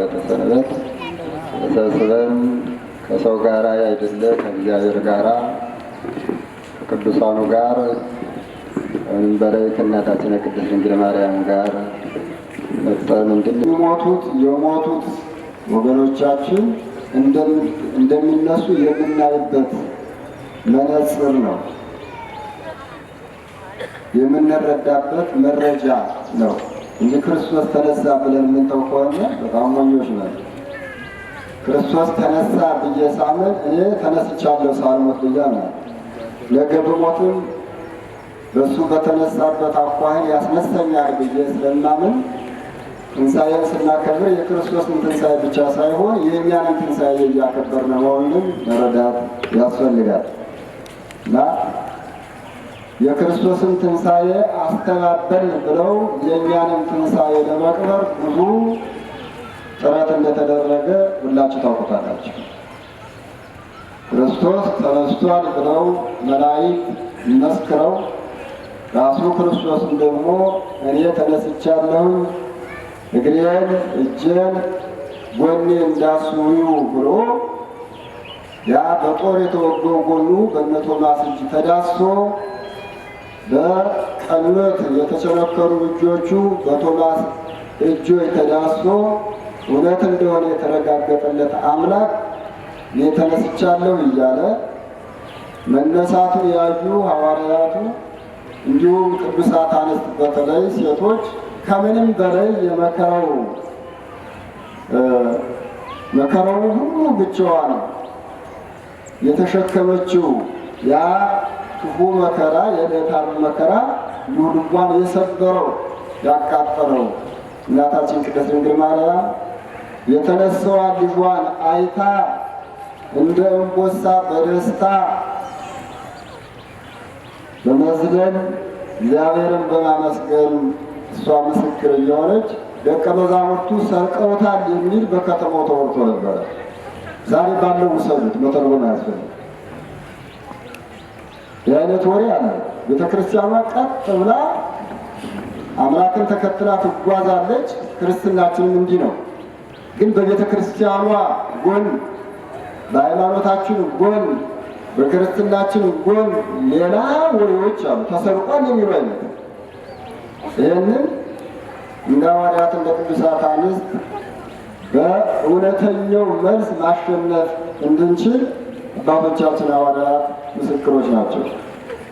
ዕለተ ሰንበት ተሰብስበን ከሰው ጋር ከእግዚአብሔር ከቅዱሳኑ ጋር በላይ ከእናታችን ቅድስት ድንግል ማርያም ጋር መጠን የሞቱት ወገኖቻችን እንደሚነሱ የምናይበት መነጽር ነው፣ የምንረዳበት መረጃ ነው። እንጂ ክርስቶስ ተነሳ ብለን የምንተው ከሆነ በጣም ሞኞች ነን። ክርስቶስ ተነሳ ብዬ ሳምን እኔ ተነስቻለሁ ሳልሞት ብያ ነው። ነገ ብሞትም በእሱ በተነሳበት አኳኋን ያስነሰኛል ብዬ ስለማምን ትንሣኤን ስናከብር የክርስቶስን ትንሣኤ ብቻ ሳይሆን የእኛንን ትንሣኤ እያከበርን መሆኑን መረዳት ያስፈልጋል እና የክርስቶስን ትንሣኤ አስተባበል ብለው የእኛንም ትንሣኤ ለመቅበር ብዙ ጥረት እንደተደረገ ሁላችሁ ታውቁታላችሁ። ክርስቶስ ተነስቷል ብለው መላእክት መስክረው ራሱ ክርስቶስም ደግሞ እኔ ተነስቻለሁ እግሬን እጄን ጎኔ እንዳስዊው ብሎ ያ በጦር የተወገው ጎኑ በእነ ቶማስ እጅ ተዳሶ በጠሎት የተቸነከሩ እጆቹ በቶማስ እጆች ተዳስሶ እውነት እንደሆነ የተረጋገጠለት አምላክ እኔ ተነስቻለሁ እያለ መነሳቱ ያዩ ሐዋርያቱ እንዲሁም ቅዱሳት አንስት በተለይ ሴቶች ከምንም በላይ የመከራው መከራው ሁሉ ብቻዋ ነው የተሸከመችው ያ ክፉ መከራ የዕለታዊ መከራ ሉድጓን የሰበረው ያቃጠለው እናታችን ቅድስት ድንግል ማርያም የተነሳዋ ልጇን አይታ እንደ እንቦሳ በደስታ በመዝደን እግዚአብሔርን በማመስገን እሷ ምስክር እየሆነች ደቀ መዛሙርቱ ሰርቀውታል የሚል በከተማው ተወርቶ ነበረ። ዛሬ ባለው ውሰዱት መተርጎም አያስፈልግ የአይነት ወሬ አለ። ቤተክርስቲያኗ ቀጥ ብላ አምላክን ተከትላ ትጓዛለች። ክርስትናችንም እንዲህ ነው። ግን በቤተክርስቲያኗ ጎን፣ በሃይማኖታችን ጎን፣ በክርስትናችን ጎን ሌላ ወሬዎች አሉ። ተሰርቋል የሚሉ አይነት ይህንን እንደ ሐዋርያት እንደ ቅዱሳት አንስት በእውነተኛው መልስ ማሸነፍ እንድንችል አባቶቻችን ሐዋርያት ምስክሮች ናቸው።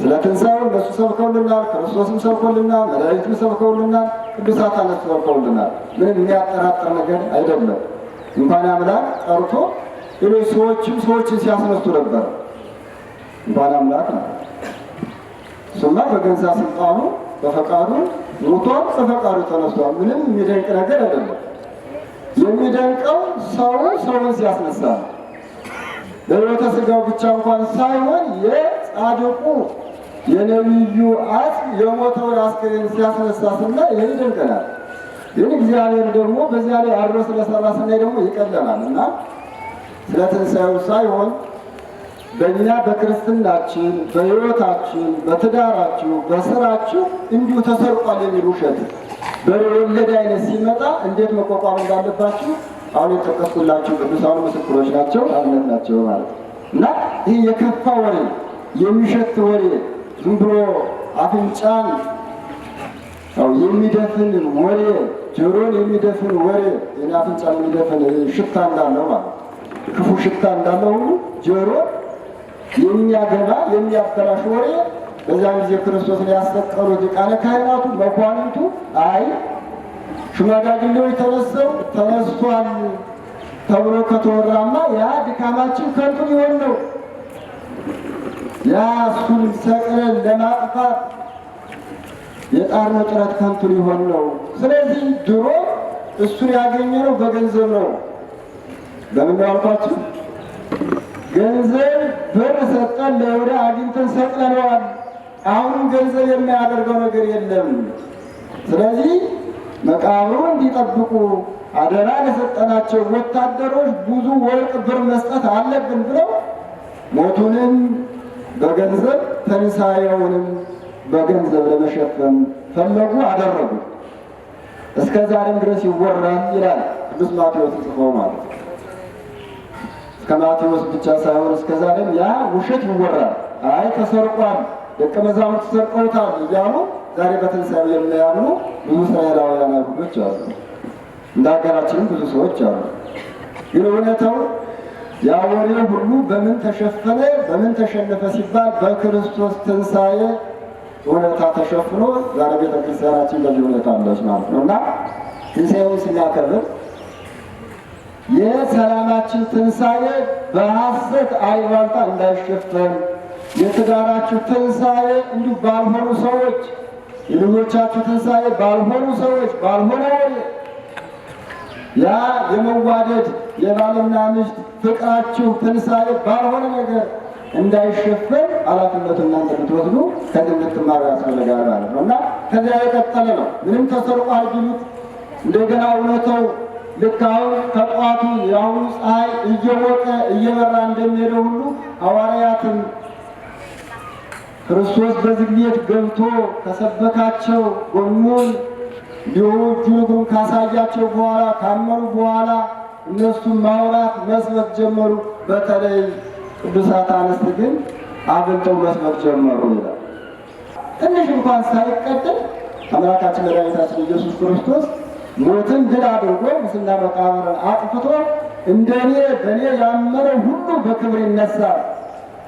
ስለ ትንሣኤው እነሱ ሰብከውልናል፣ ክርስቶስም ሰብከውልናል፣ መድኃኒቱም ሰብከውልናል፣ ቅዱሳት አነት ሰብከውልናል። ምንም የሚያጠራጥር ነገር አይደለም። እንኳን አምላክ ጠርቶ ሌሎች ሰዎችም ሰዎችን ሲያስነሱ ነበር። እንኳን አምላክ ነው እሱማ በገዛ ስልጣኑ በፈቃዱ ሞቶ በፈቃዱ ተነስቷል። ምንም የሚደንቅ ነገር አይደለም። የሚደንቀው ሰው ሰውን ሲያስነሳ ነው። በሕይወተ ሥጋው ብቻ እንኳን ሳይሆን የጻድቁ የነቢዩ አጽም የሞተውን አስክሬን ሲያስነሳ ስናይ ይህ ይደንቀናል። ግን እግዚአብሔር ደግሞ በዚያ ላይ አድሮ ስለሰራ ስናይ ደግሞ ይቀለናል እና ስለ ትንሣኤው ሳይሆን በእኛ በክርስትናችን፣ በሕይወታችን፣ በትዳራችሁ፣ በስራችሁ እንዲሁ ተሰርቋል የሚል ውሸት በሬ አይነት ሲመጣ እንዴት መቋቋም እንዳለባችሁ አሁን የጠቀስኩላቸው ቅዱሳን ምስክሮች ናቸው፣ አብነት ናቸው ማለት እና ይህ የከፋ ወሬ የሚሸት ወሬ ዝም ብሎ አፍንጫን የሚደፍን ወሬ ጆሮን የሚደፍን ወሬ የኔ አፍንጫን የሚደፍን ሽታ እንዳለው ማለት ክፉ ሽታ እንዳለው ሁሉ ጆሮ የሚያገባ የሚያበላሽ ወሬ በዚያን ጊዜ ክርስቶስን ያስጠቀሩ ዲቃነ ካህናቱ መኳንንቱ አይ ሽማግሌዎች ተነስተው ተነስቷል ተብሎ ከተወራማ ያ ድካማችን ከንቱ ሊሆን ነው። ያ እሱን ሰቅለን ለማጥፋት የጣርነው ጥረት ከንቱ ሊሆን ነው። ስለዚህ ድሮ እሱን ያገኘነው በገንዘብ ነው። በምን አልኳችሁ? ገንዘብ ብር ሰጠን ለወደ አግኝተን ሰቅለነዋል። አሁንም ገንዘብ የሚያደርገው ነገር የለም። ስለዚህ መቃብሩን እንዲጠብቁ አደራ ለሰጠናቸው ወታደሮች ብዙ ወርቅ ብር መስጠት አለብን ብለው ሞቱንም በገንዘብ ትንሣኤውንም በገንዘብ ለመሸፈን ፈለጉ አደረጉ። እስከ ዛሬም ድረስ ይወራል ይላል ቅዱስ ማቴዎስ ጽፎ ማለት ነው። እስከ ማቴዎስ ብቻ ሳይሆን እስከ ዛሬም ያ ውሸት ይወራል። አይ ተሰርቋል፣ ደቀ መዛሙርት ተሰርቀውታል እያሉ ዛሬ በትንሣኤው የሚያምኑ ብዙ እስራኤላውያን አይሁዶች አሉ። እንደ ሀገራችንም ብዙ ሰዎች አሉ። ግን እውነታው ያ ወሬ ሁሉ በምን ተሸፈነ፣ በምን ተሸነፈ ሲባል በክርስቶስ ትንሣኤ እውነታ ተሸፍኖ ዛሬ ቤተ ክርስቲያናችን በዚህ ሁኔታ አለች ማለት ነው እና ትንሣኤውን ስናከብር የሰላማችን ትንሣኤ በሐሰት አይባልታ እንዳይሸፈን የትዳራችሁ ትንሣኤ እንዲሁ ባልሆኑ ሰዎች የልጆቻችሁ ትንሣኤ ባልሆኑ ሰዎች ባልሆነ ያ የመዋደድ የባልና ሚስት ፍቅራችሁ ትንሣኤ ባልሆነ ነገር እንዳይሸፈን ኃላፊነቱ እናንተ ብትወስዱ ከዚህ ልትማሩ ያስፈልጋል ማለት ነው እና ከዚያ የቀጠለ ነው። ምንም ተሰርቋል ቢሉት እንደገና እውነተው ልክ አሁን ከጠዋቱ የአሁኑ ፀሐይ እየሞቀ እየበራ እንደሚሄደው ሁሉ ሐዋርያትን ክርስቶስ በዝግ ቤት ገብቶ ከሰበካቸው ጎኑን እንዲሁም እግሩን ካሳያቸው በኋላ ካመኑ በኋላ እነሱን ማውራት መስበክ ጀመሩ። በተለይ ቅዱሳት አንስት ግን አብልጠው መስበክ ጀመሩ ይላል። ትንሽ እንኳን ሳይቀድም አምላካችን መድኃኒታችን ኢየሱስ ክርስቶስ ሞትን ድል አድርጎ ሙስና መቃብርን አጥፍቶ እንደኔ በእኔ ያመነ ሁሉ በክብር ይነሳል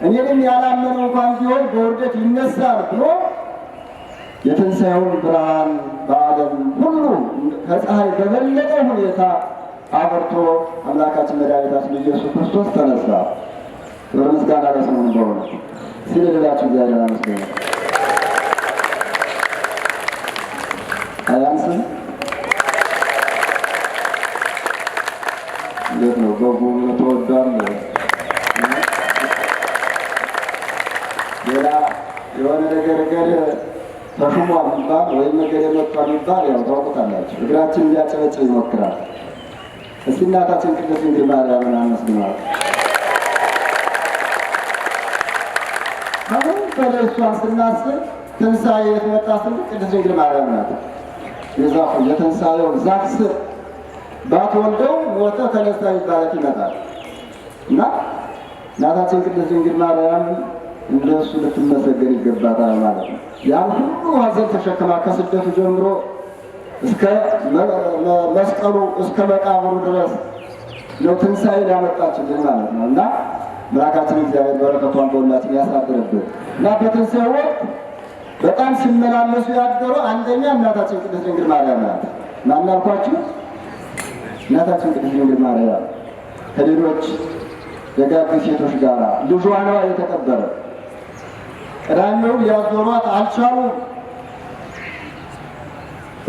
እኔ ያላመነው እንኳን ቢሆን በውርደት ይነሳል ብሎ የትንሣኤውን ብርሃን በዓለም ሁሉ ከፀሐይ በበለጠ ሁኔታ አበርቶ አምላካችን መድኃኒታችን ኢየሱስ ክርስቶስ ተነሳ። ክብር ምስጋና ለስሙ በሆነ ሲል እግዚአብሔር አያንስም። እንዴት ነው በጉ ተወዷል። የሆነ ነገር እገሌ ተሹሟል ሚባል ወይም እገሌ መጥቷል ሚባል ያው ታውቁታላችሁ። እግራችን እንዲያጨበጭብ ይሞክራል። እስቲ እናታችን ቅድስት ድንግል ማርያምን አመስግነዋል። አሁን በደርሷን ስናስብ ትንሣኤ የተመጣ ስንል ቅድስት ድንግል ማርያም ናት። የዛፉ የተንሳኤው ዛፍ ስር ባትወልደው ሞተ ተነሳ ይባለት ይመጣል እና እናታችን ቅድስት ድንግል ማርያም እንደሱ ልትመሰገን ይገባታል ማለት ነው። ያን ሁሉ ሀዘን ተሸክማ ከስደቱ ጀምሮ እስከ መስቀሉ እስከ መቃብሩ ድረስ ነው ትንሣኤ ሊያመጣችልን ማለት ነው እና ምራካችን እግዚአብሔር በረከቷን በሁላችን ያሳድርብን እና በትንሣኤ ወቅት በጣም ሲመላለሱ ያደሩ አንደኛ እናታችን ቅድስት ድንግል ማርያም ናት። ማናልኳችሁ እናታችን ቅድስት ድንግል ማርያም ከሌሎች ደጋግ ሴቶች ጋር ልጇ ነዋ ቅዳሜው ሊያዞሯት አልቻሉም።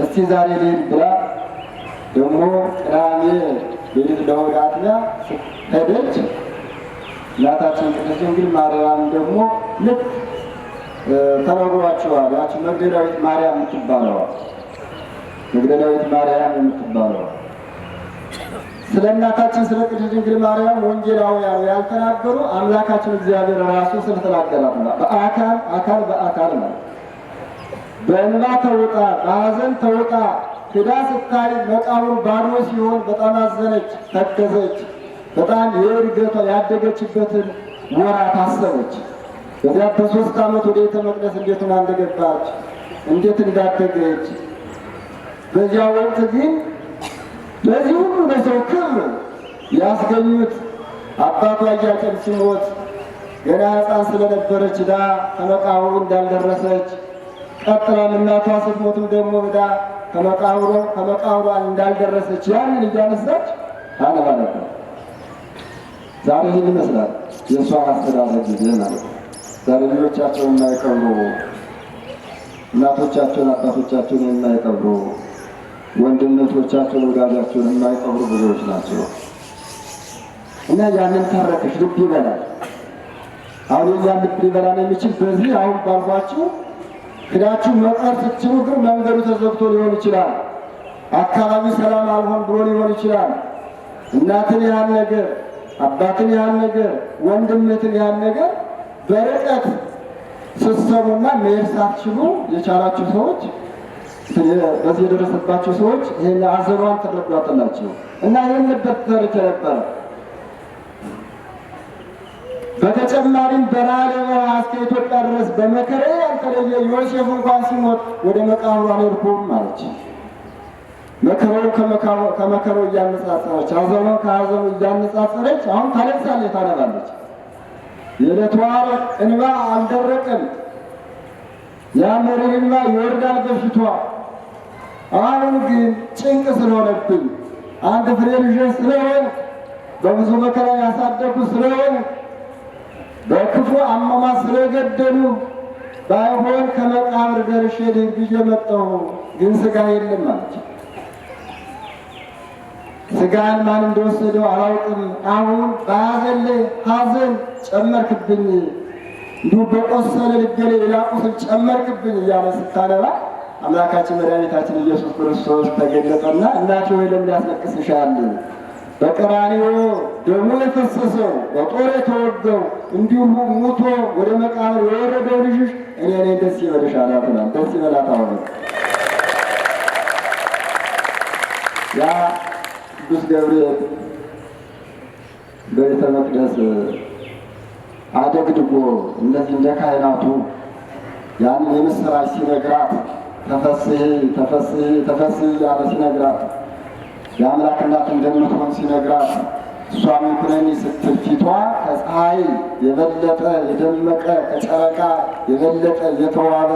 እስቲ ዛሬ ሌል ብላ ደግሞ ቅዳሜ ሌሊት ለወደ አጥቢያ ሄደች። እናታችን ቅድስት ድንግል ማርያም ደግሞ ልክ ተረጉሯቸዋል። ያችን መግደላዊት ማርያም የምትባለዋል መግደላዊት ማርያም የምትባለዋል ስለ እናታችን ስለ ቅድስት ድንግል ማርያም ወንጌላውያኑ ያልተናገሩ አምላካችን እግዚአብሔር ራሱ ስለተናገረ በአካል አካል በአካል ነው። በእንባ ተውጣ በሐዘን ተውጣ ሄዳ ስታይ መቃብሩ ባዶ ሲሆን በጣም አዘነች፣ ተከዘች። በጣም የእድገቷ ያደገችበትን ወራት አሰበች። በዚያ በሶስት ዓመት ወደ ቤተ መቅደስ እንዴት እንደገባች እንዴት እንዳደገች በዚያ ወቅት ግን በዚህ ሁሉ መዘክር ያስገኙት አባቷ ኢያቄም ሲሞት ገና ሕፃን ስለነበረች ዕዳ ከመቃብሩ እንዳልደረሰች ቀጥላም እናቷ ስትሞትም ደግሞ ዕዳ ከመቃብሩ ከመቃብሯ እንዳልደረሰች ያንን እያነሳች ታነባ ነበር። ዛሬ ይህን ይመስላል የእሷ አስተዳደር ጊዜ ማለት ዛሬ ልጆቻቸውን የማይቀብሩ እናቶቻቸውን አባቶቻቸውን የማይቀብሩ ወንድነቶቻቸው ወዳጃቸውን የማይቀብሩ ብዙዎች ናቸው እና ያንን ተረከሽ ልብ ይበላል። አሁን የዛን ልብ ሊበላ የሚችል በዚህ አሁን ባልኳችሁ ክዳችሁ መቅረት ስትችሉ ግን መንገዱ ተዘግቶ ሊሆን ይችላል። አካባቢ ሰላም አልሆን ብሎ ሊሆን ይችላል። እናትን ያህል ነገር፣ አባትን ያህል ነገር፣ ወንድምትን ያህል ነገር በርቀት ስትሰሙና መሄድ ሳትችሉ የቻላችሁ ሰዎች በዚህ የደረሰባቸው ሰዎች ይህን አዘኗን ትረዷጥላቸው እና የምበት ደረጃ ነበረ። በተጨማሪም በራለ በረሃ እስከ ኢትዮጵያ ድረስ በመከረ ያልተለየ ዮሴፍ እንኳን ሲሞት ወደ መቃብሩ አልሄድኩም አለች። መከረው ከመከረው እያነጻጸረች፣ ሐዘኑ ከሐዘኑ እያነጻጸረች አሁን ታለቅሳለች፣ ታነባለች። የለተዋረ እንባ አልደረቀም። ያ መሪር እንባ ይወርዳል በፊቷ አሁን ግን ጭንቅ ስለሆነብኝ አንድ ፍሬ ልጅ ስለሆን በብዙ መከራ ያሳደጉ ስለሆን በክፉ አሟሟት ስለገደሉ ባይሆን ከመቃብር ደርሼ ብዬ መጣሁ፣ ግን ስጋ የለም አለች። ስጋን ማን እንደወሰደው አላውቅም። አሁን በሐዘን ላይ ሐዘን ጨመርክብኝ፣ እንዲሁ በቆሰለ ልቤ ላይ ሌላ ቁስል ጨመርክብኝ እያለ ስታነባ አምላካችን መድኃኒታችን ኢየሱስ ክርስቶስ ተገለጠና እናቴ ወይ ለምን ያስለቅስሻል? በቀራንዮ ደሙ የፈሰሰው በጦር የተወጋው እንዲሁ ሙቶ ወደ መቃብር የወረደው ልጅሽ እኔ እኔ ደስ ይበልሻል አትላል። ደስ ይበላት። አሁን ያ ቅዱስ ገብርኤል በቤተ መቅደስ አደግድጎ እነዚህ እንደ ካህናቱ ያንን የምስራች ሲነግራት ተፈስሒ ተፈስሒ ተፈስሒ እያለ ሲነግራት የአምላክ እናት እንደምትሆን ሲነግራት እሷ ምንኩነኒ ስትል ፊቷ ከፀሐይ የበለጠ የደመቀ ከጨረቃ የበለጠ የተዋበ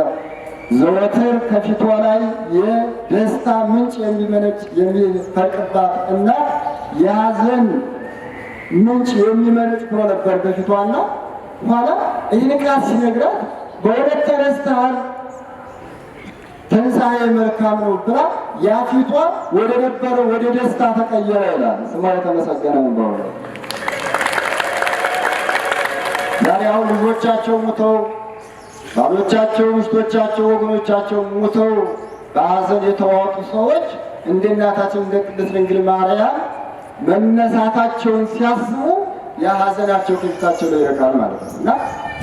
ዘወትር ከፊቷ ላይ የደስታ ምንጭ የሚመነጭ የሚፈልቅባት እናት የሐዘን ምንጭ የሚመነጭ ብሎ ነበር በፊቷና ኋላ ይህን ቃል ሲነግራት በሁለት ተነስተሃል ትንሣኤ መልካም ነው ብላ ያፊቷ ወደ ነበረ ወደ ደስታ ተቀየረ ይላል። ስማ የተመሰገነ በሆነ ዛሬ አሁን ልጆቻቸው ሙተው፣ ባሎቻቸው፣ ሚስቶቻቸው፣ ወገኖቻቸው ሙተው በሐዘን የተዋጡ ሰዎች እንደ እናታችን እንደ ቅድስት ድንግል ማርያም መነሳታቸውን ሲያስቡ የሐዘናቸው ከፊታቸው ላይ ይረካል ማለት ነው እና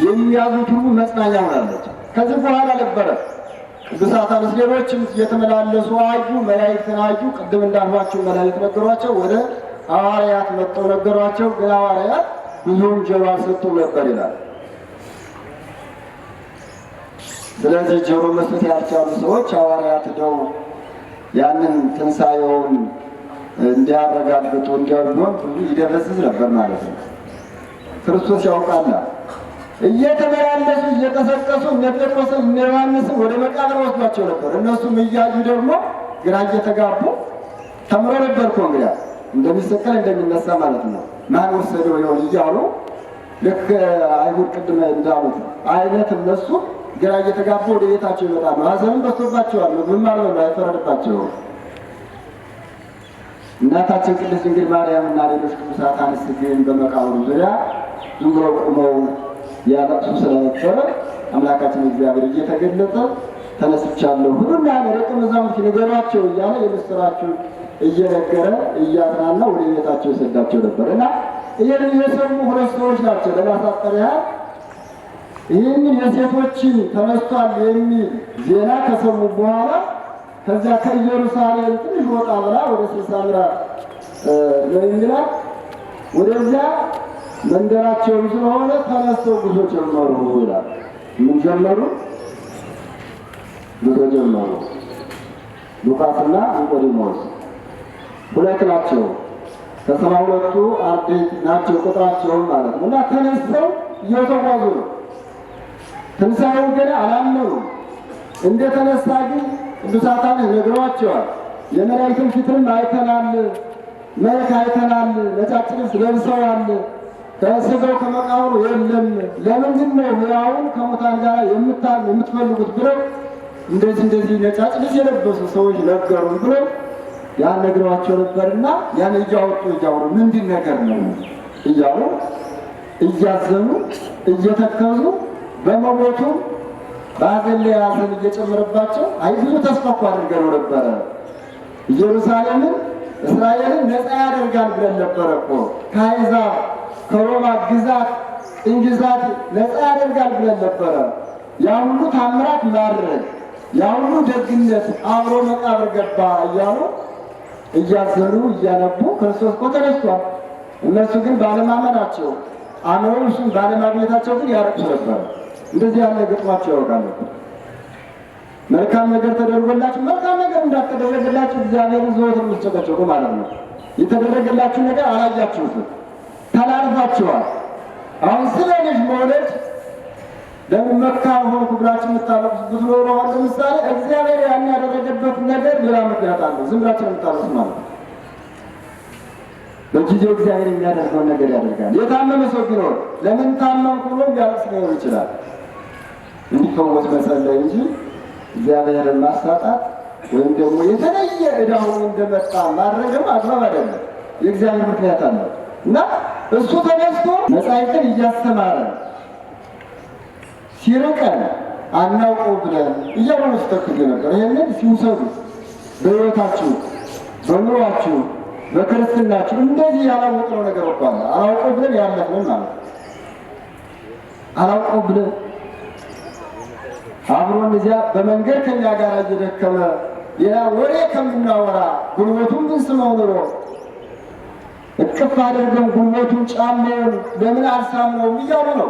የሚያዙት ሁሉ መጽናኛ ሆናለች። ከዚህ በኋላ ነበረ ቅዱሳት አመስገኖችም እየተመላለሱ አዩ። መላእክትን አዩ። ቅድም እንዳልኋቸው መላእክት ነገሯቸው፣ ወደ ሐዋርያት መጥተው ነገሯቸው። ግን ሐዋርያት ብዙም ጆሮ አልሰጡም ነበር ይላል። ስለዚህ ጆሮ መስጠት ያልቻሉ ሰዎች ሐዋርያት ደው ያንን ትንሣኤውን እንዲያረጋግጡ እንዲያሉ ይደበዝዝ ነበር ማለት ነው። ክርስቶስ ያውቃላ እየተመላለሱ እየቀሰቀሱ እነ ጴጥሮስን እነ ወደ መቃብር ወስዷቸው ነበር። እነሱም እያዩ ደግሞ ግራ እየተጋቡ ተምሮ ነበር እኮ እንግዲያ እንደሚሰቀል እንደሚነሳ ማለት ነው። ማን ወሰደው ይሆን እያሉ ልክ አይሁድ ቅድመ እንዳሉት አይነት እነሱ ግራ እየተጋቡ ወደ ቤታቸው ይመጣሉ። ሐዘንም በዝቶባቸዋል። ምን ማለት ነው? አይፈረድባቸው እናታችን ቅድስት ድንግል ማርያም እና ሌሎች ቅዱሳት አንስት ግን በመቃብሩ ዙሪያ ዝም ብሎ ቆመው ያለቅሱ ስለነበረ አምላካችን እግዚአብሔር እየተገለጠ ተነስቻለሁ ሁሉና ደቀ መዛሙርት ንገሯቸው እያለ የምስራቸው እየነገረ እያጥናና ወደ ቤታቸው ይሰዳቸው ነበር እና ይህንን የሰሙ ሁለት ሰዎች ናቸው። ለማሳጠር ያህል ይህንን የሴቶችን ተነስቷል የሚል ዜና ከሰሙ በኋላ ከዚያ ከኢየሩሳሌም ትንሽ ወጣ ብላ ወደ ስልሳ ምዕራፍ ነው ወደዚያ መንደራቸውም ስለሆነ ተነስተው ጉዞ ጀመሩ ይላል። ምን ጀመሩ? ጉዞ ጀመሩ። ሉቃስና ኒቆዲሞስ ሁለት ናቸው። ከሰባ ሁለቱ አርድእት ናቸው ቁጥራቸውን ማለት ነው። እና ተነስተው እየተጓዙ ነው። ትንሣኤውን ገና አላመኑም። እንደተነሳ ግን ቅዱሳታን ነግሯቸዋል። የመላእክትን ፊትም አይተናል፣ መልክ አይተናል፣ ነጫጭ ልብስ ለብሰዋል ተስበው ከመቃብሩ የለም ለምንድን ነው ሕያውን ከሙታን ጋር የምትፈልጉት ብለው እንደዚህ እንደዚህ ነጫጭ ልጅ የለበሱ ሰዎች ነገሩ ብሎ ያን ነግረዋቸው ነበርና ያን እያወጡ እያወሩ ምንድን ነገር ነው እያሉ እያዘኑ እየተከዙ በመሞቱ በሐዘን ላይ ሐዘን እየጨመረባቸው አይ ብዙ ተስፋ እኮ አድርገነው ነበረ። ኢየሩሳሌምን እስራኤልን ነፃ ያደርጋል ብለን ነበረ እኮ ከአሕዛብ ከሮማ ግዛት እንግዛት ነፃ ያደርጋል ብለን ነበረ። ያ ሁሉ ታምራት ማድረግ ያ ሁሉ ደግነት አብሮ መቃብር ገባ እያሉ እያዘኑ እያነቡ ክርስቶስ እኮ ተነስቷል። እነሱ ግን ባለማመናቸው አእምሮው እሱን ባለማግኘታቸው ግን ያረቅሱ ነበር። እንደዚህ ያለ ገጥሟቸው ያወቃል። መልካም ነገር ተደርጎላችሁ መልካም ነገር እንዳልተደረገላችሁ እግዚአብሔርን ዘወትር የምትጨቀጨቁ ማለት ነው። የተደረገላችሁ ነገር አላያችሁትም። ተላልፋችኋል። አሁን ስለ ልጅ መውለድ ለምን መካ ሆንኩ ብላችሁ የምታለቅሱት ኖሮ ለምሳሌ እግዚአብሔር ያን ያደረገበት ነገር ሌላ ምክንያት አለው። ዝም ብላችሁ የምታለቅሱት ማለት ነው። በጊዜው እግዚአብሔር የሚያደርገውን ነገር ያደርጋል። የታመመ ሰው ቢኖር ለምን ታመምኩ ብሎ ቢያለቅስ ሊኖር ይችላል። እንዲፈወስ መጸለይ እንጂ እግዚአብሔርን ማሳጣት ወይም ደግሞ የተለየ ዕዳውን እንደመጣ ማድረግም አግባብ አይደለም። የእግዚአብሔር ምክንያት አለው እና እሱ ተነስቶ መጻሕፍትን እያስተማረ ሲርቀን አናውቀው ብለን እያሉ ስተክል ነበር። ይህንን ሲውሰዱ በሕይወታችሁ በኑሯችሁ በክርስትናችሁ እንደዚህ ያላወቅነው ነገር እኳለ አላውቀው ብለን ያለፍነው ማለት አላውቀው ብለን አብሮን እዚያ በመንገድ ከኛ ጋር እየደከመ ሌላ ወሬ ከምናወራ ጉልበቱን ብንስመው ኑሮ እቅፍ አድርገው ጉልበቱን ጫማውን ለምን አልሳመውም እያሉ ነው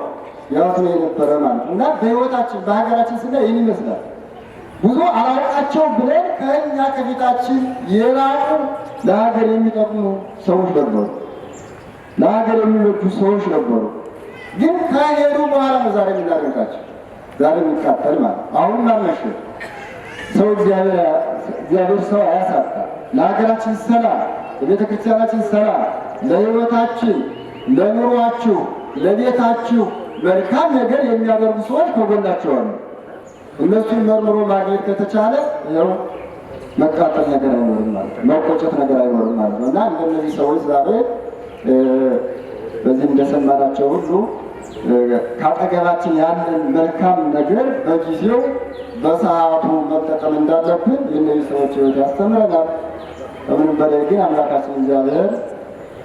ያቱ የነበረ ማለት እና በህይወታችን በሀገራችን ስና ይህን ይመስላል። ብዙ አላወቃቸው ብለን ከእኛ ከፊታችን የራቁ ለሀገር የሚጠቅሙ ሰዎች ነበሩ፣ ለሀገር የሚበጁ ሰዎች ነበሩ። ግን ከሄዱ በኋላ ነው ዛሬ የምናደርጋቸው ዛሬ የሚቃጠል ማለት አሁን ማመሸ ሰው እግዚአብሔር ሰው አያሳጣ ለሀገራችን ሰላም የቤተ ክርስቲያናችን ሰላም ለሕይወታችን፣ ለኑሯችሁ፣ ለቤታችሁ መልካም ነገር የሚያደርጉ ሰዎች ከጎናችሁ አሉ። እነሱን መርምሮ ማግኘት ከተቻለ ያው መቃጠል ነገር አይኖርም ማለት ነው። መቆጨት ነገር አይኖርም ማለት ነው እና እንደነዚህ ሰዎች ዛሬ በዚህ እንደሰማናቸው ሁሉ ከአጠገባችን ያለን መልካም ነገር በጊዜው በሰዓቱ መጠቀም እንዳለብን የእነዚህ ሰዎች ሕይወት ያስተምረናል። ከምንም በላይ ግን አምላካችን እግዚአብሔር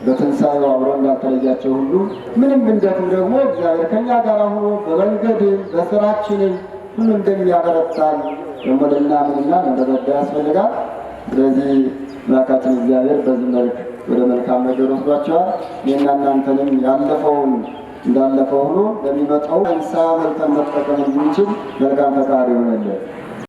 በትንሣኤው አብሮ እንዳልተለያቸው ሁሉ ምንም እንደትም ደግሞ እግዚአብሔር ከእኛ ጋር ሆኖ በመንገድም በስራችንም ሁሉ እንደሚያበረታን ደግሞ ልናምንና ልንረዳ ያስፈልጋል። ስለዚህ አምላካችን እግዚአብሔር በዚህ መልክ ወደ መልካም ነገር ወስዷቸዋል። እኔና እናንተንም ያለፈውን እንዳለፈው ሆኖ ለሚመጣው እንሳ መልተን መጠቀም እንድንችል መልካም ፈቃድ ይሆነለን።